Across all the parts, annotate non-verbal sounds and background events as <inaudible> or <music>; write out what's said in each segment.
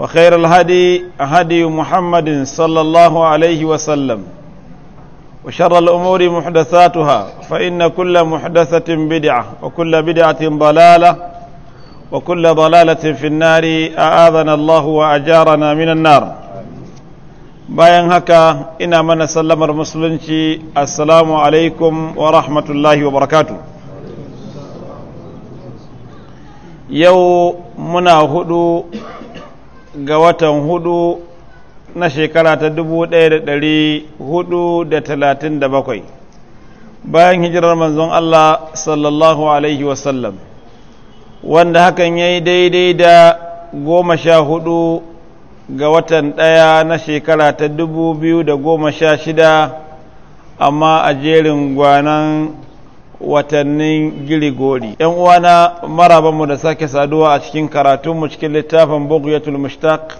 وخير الهدي هدي محمد صلى الله عليه وسلم وشر الأمور محدثاتها فإن كل محدثة بدعة وكل بدعة ضلالة وكل ضلالة في النار أآذنا الله وأجارنا من النار bayan haka ina mana sallamar musulunci assalamu alaikum wa rahmatullahi wa barakatu yau muna hudu ga watan hudu na shekara ta dubu ɗaya da ɗari hudu da talatin da bakwai bayan hijirar manzon Allah sallallahu alaihi wasallam wanda hakan ya yi daidai da goma sha hudu ga watan ɗaya na shekara ta dubu biyu da goma sha shida amma a jerin gwanan watannin gili-goli. ‘Yan uwana mu da sake saduwa a cikin karatun mu cikin littafin bugyatul Mushtaq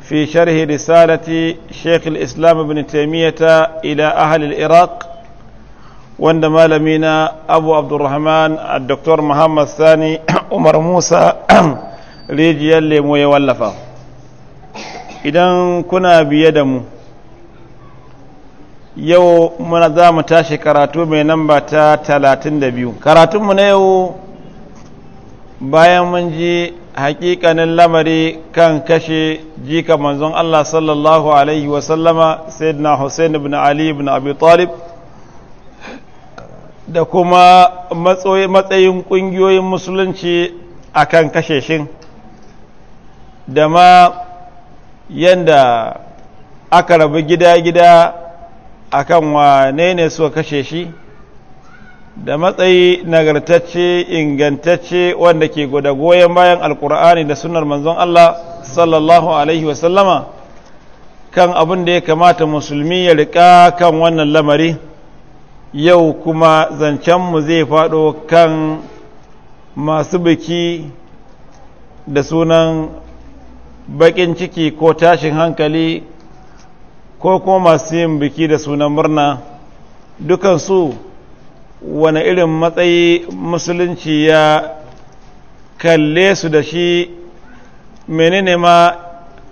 fi sharhi risalati Sheikh islam ibn taimiyata ila al Iraq wanda malamina Abu Abdurrahman a Dr. Muhammad Sani <clears throat> Umar Musa <clears throat> rijiyar lemo ya wallafa. Idan kuna biye da mu. yau muna za mu tashi karatu mai namba ta talatin da biyu karatunmu na yau bayan mun ji hakikanin lamari kan kashe jika manzon Allah sallallahu alaihi wasallama sayyidina Hussein ibn Ali ibn Abi Talib da kuma matsayin ƙungiyoyin musulunci a kan kashe shin da ma yadda aka rabu gida-gida akan wane ne suka kashe shi da matsayi nagartacce ingantacce wanda ke gwada goyon bayan alkur'ani da sunar manzon Allah sallallahu alaihi wasallama kan abin da ya kamata musulmi ya riƙa kan wannan lamari yau kuma zancenmu zai faɗo kan masu biki da sunan baƙin ciki ko tashin hankali ko kuma masu yin biki da sunan murna dukansu wani irin matsayi musulunci ya kalle su da shi menene ma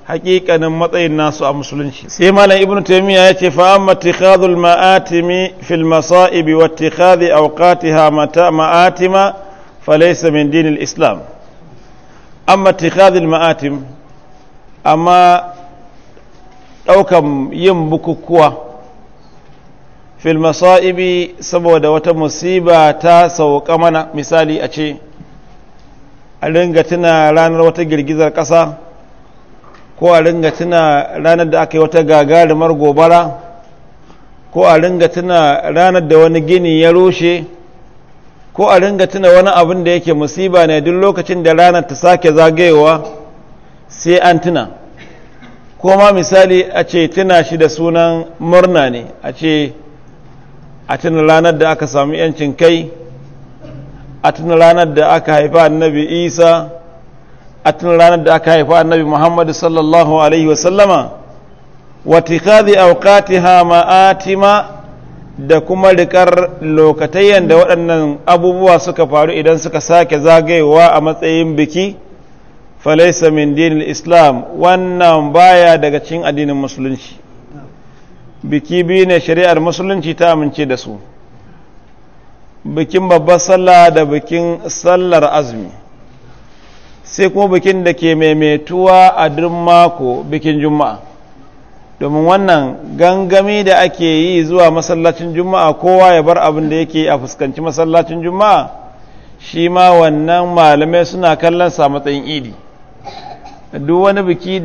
hakikanin matsayin nasu a musulunci sai malam ibn taymiya yace ce fa amma tikhadul ma'atimi fil masa'ib wa ittikhadhi awqatiha mata ma'atima laysa min dinil islam amma tikhadul ma'atim amma ɗaukan yin bukukuwa fil masa'ibi saboda wata musiba ta sauka mana misali a ce a ringa tuna ranar wata girgizar ƙasa ko a ringa tuna ranar da aka yi wata gagarumar gobara ko a ringa tuna ranar da wani gini ya rushe ko a ringa tuna wani abin da yake musiba ne duk lokacin da ranar ta sake zagayewa sai an tuna ko ma misali a ce tuna shi da sunan murna ne a ce a tuna ranar da aka samu yancin kai a tuna ranar da aka haifa annabi isa a tuna ranar da aka haifa annabi muhammadu sallallahu alaihi wasallama watikadi ha ma'atima da kuma rikar lokatayen da waɗannan abubuwa suka faru idan suka sake zagayewa a matsayin biki falaisa min islam wannan baya daga cikin addinin musulunci biki biyu ne shari'ar musulunci ta amince da su bikin babbar sallah da bikin sallar azumi sai kuma bikin da ke maimaituwa a duk mako bikin juma'a domin wannan gangami da ake yi zuwa masallacin juma'a kowa ya bar abin da yake a fuskanci masallacin juma'a shi ma wannan malamai suna kallon sa matsayin idi duk wani biki da